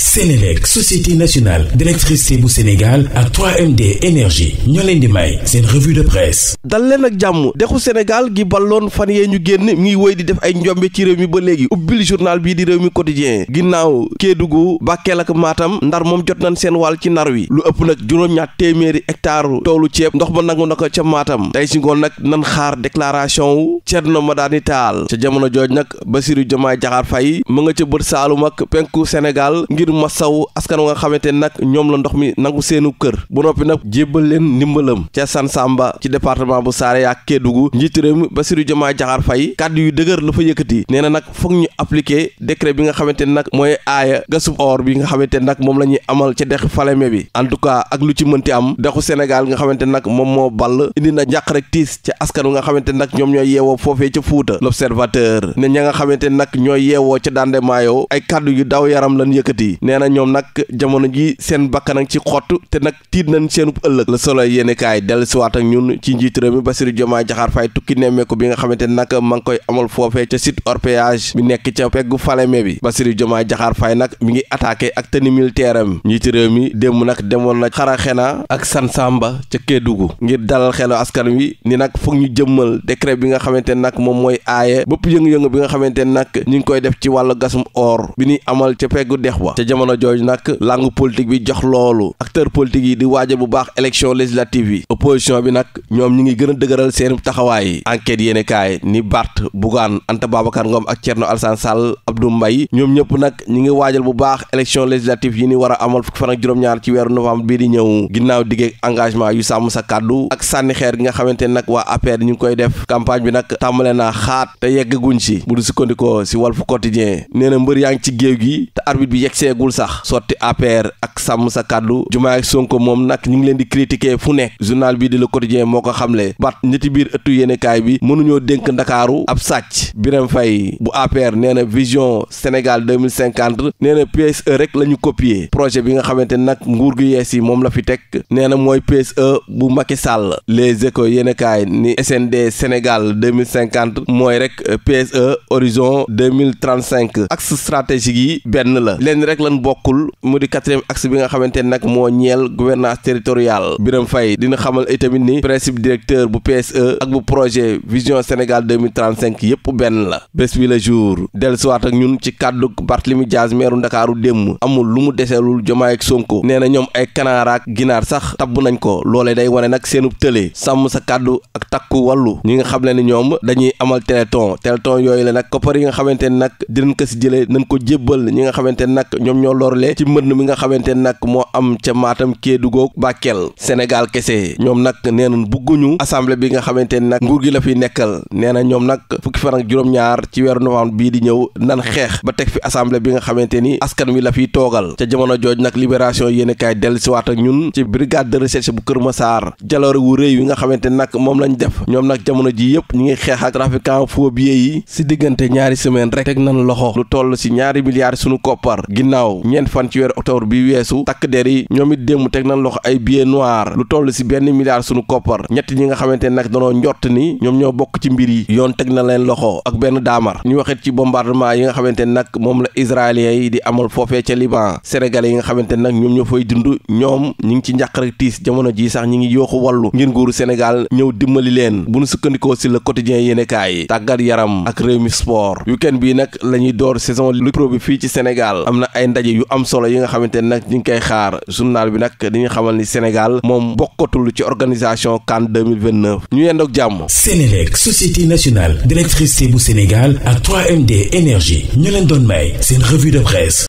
Sénélec société nationale d'électricité bu Sénégal ak 3MD énergie ñoo leen di may seen revue de presse dal leen ak jàmm dexu Sénégal gi balloon fan yee ñu génn mi ngi wéy di def ay njombe ci réew mi ba léegi ubbil journal bii di réew mi quotidien ginnaaw Kédougou Bakel ak maatam ndar moom jot nañ seen wàll ci nar wi lu ëpp nag juróom-ñaar téeméeri hectare toolu ceeb ndox ma nangu na ko ca maatam tey si ngoon nag nan xaar déclaration wu Thierno Madani Tall ca jamono jooj nag Bassirou Diomaye Diakhar Faye mu nga ca bët Saalum ak penku Sénégal ngir masaw askan wa nga xamante nag ñoom la ndox bu noppi nag jébbal leen ndimbalam ca San Samba ci département bu Saare ak Kédougou njiitu réew mi Bassirou na nag foog ñu appliquer décret bi nga la ñuy amal ca dex Falémé bi en tout cas ak lu ci mënti am dexu Sénégal nga xamante nag moom moo ball indi na njàq rek tiis ca askan wi nga xamante nag ñoom ñooy yeewoo foofee ca Fuuta l'observateur ne ña nga xamante nag ñooy yeewoo ca Dandemaayo ay kàddu yu daw yaram lan yëkkati nee na ñoom nag jamono ji seen bakkanam ci xott te nag tiit nañ seenub ëllëg la solo yéene kaay dellu siwaat ak ñun ci njiitu réew mi Bassirou Diomaye Diakhar Faye tukki nemmeeku bi nga xamante ne nag ma ngi koy amal foofee ca site orpaillage bi nekk ca peggu Falémé bi Bassirou Diomaye Diakhar Faye nag mi ngi attaqué ak tenue militaire am njiitu réew mi démb nag demoon na Xaraxena ak Sansamba ca Kédougou ngir dalal xelu askan wi ni nag foog ñu jëmmal décret bi nga xamante ne nag moom mooy aaye bëpp yëngu-yëngu bi nga xamante ne nag ñu ngi koy def ci wàll gasum or bi ñuy amal ca peggu dex ca jamono jooju nag langue politique bi jox loolu acteur politique yi di waaja bu baax élection législative yi opposition bi nag ñoom ñi ngi gën a dëgëral seen taxawaay yi enquête yéene kaay ni Bart Bougane Anta Babacar Ngom ak Thierno Alassane Sall Abdou mbay ñoom ñëpp nag ñi ngi waajal bu baax élection législative yi ni war a amal fukki fan ak juróom-ñaar ci weeru novembre bii di ñëw ginnaaw diggee engagement yu sàmm sa kàddu ak sànni xeer gi nga xamante ne nag waa APR ñu ngi koy def campagne bi nag tàmbale naa xaat yegg guñ si bu si Walf Quotidien egul sax sotti APR sàmm sa kàddu jumaa ak Sonko moom nag ñu ngi leen di critiquer fu nekk journal bi di Le Quotidien moo ko xamle bat ñetti biir ëttu yéenekaay bi mënuñoo dénk ndakaaru ab sàcc Birame Faye bu APR nee na vision Sénégal 2050 nee na PSE rek la ñu copier projet bi nga xamante nag nguur gi yees yi moom la fi teg nee na mooy PSE bu Macky Sall les échos yéenekaay ni SND Sénégal 2050 mooy rek PSE horizon 2035 axe stratégique yi benn la leen rek lan bokkul mu di quatrième bi nga xamante nag moo ñeel gouvernance territoriale Birame Faye dina xamal itamit ni principe directeur bu PSE ak bu projet vision Sénégal 2035 yépp benn la bés bi la jour dellusiwaat ak ñun ci kàddu Barthélemy Dias meeru Ndakaaru démb amul lu mu deseelul Jomaay ak Sonko nee na ñoom ay kanaaraak ginaar sax tabb nañ ko loole day wane nag seenub tëlee sàmm sa kàddu ak takku wàllu ñi nga xam ne ñoom dañuy amal téléthon téléthon yooyu la nag koppar yi nga xamante nag dinañ ko si jëlee nañ ko jébbal ñi nga xamante nag ñoom ñoo lorle nag moo am ca Matam Kédougou Bakel Sénégal kese ñoom nag nee nañ bugguñu assamble bi nga xamante ni nag nguur gi la fi nekkal nee na ñoom nag fukki fan juróom-ñaar ci weeru novembre bii di ñëw nan xeex ba teg fi assamble bi nga xamante ni askan wi la fiy toogal ca jamono jooj nag libération yéen kaay dellu siwaat ak ñun ci brigade de recherche bu Kër Massar jaloore wu réy wi nga xamante ni nag moom lañ def ñoom nag jamono ji yëpp ñu ngi xeex ak trafiquant phobie yi si diggante ñaari semaine rek teg nañ loxo lu toll si ñaari milliards sunu koppar ginnaaw weesu takk der yi ñoom it démb teg na loxo ay billets noirs lu toll si benn milliard sunu koppar ñett ñi nga xamante ne nag danoo njort ni ñoom ñoo bokk ci mbir yi yoon teg na leen loxo ak benn daamar ñu waxit ci bombardement yi nga xamante ne nag moom la israéliens yi di amal foofee ca Liban sénégalais yi nga xamante ne nag ñoom ñoo fay dund ñoom ñi ngi ci njàqare tiis jamono ji sax ñi ngi yooxu wallu ngir nguuru Sénégal ñëw dimbali leen bu ñu sukkandikoo si le quotidien yéenekaay tàggat yaram ak réew mi sport weekend bi nag la ñuy door saison Lutte Pro bi fii ci Sénégal am na ay ndaje yu am solo yi nga xamante ngi koy xaar journal bi nag dañu xamal ni Sénégal moom bokkatul ci organisation CAN 2029 ñu yendoog jàmm Sénélec société nationale d'électricité bu Sénégal ak 3MD énergie ñu leen doon may seen revue de presse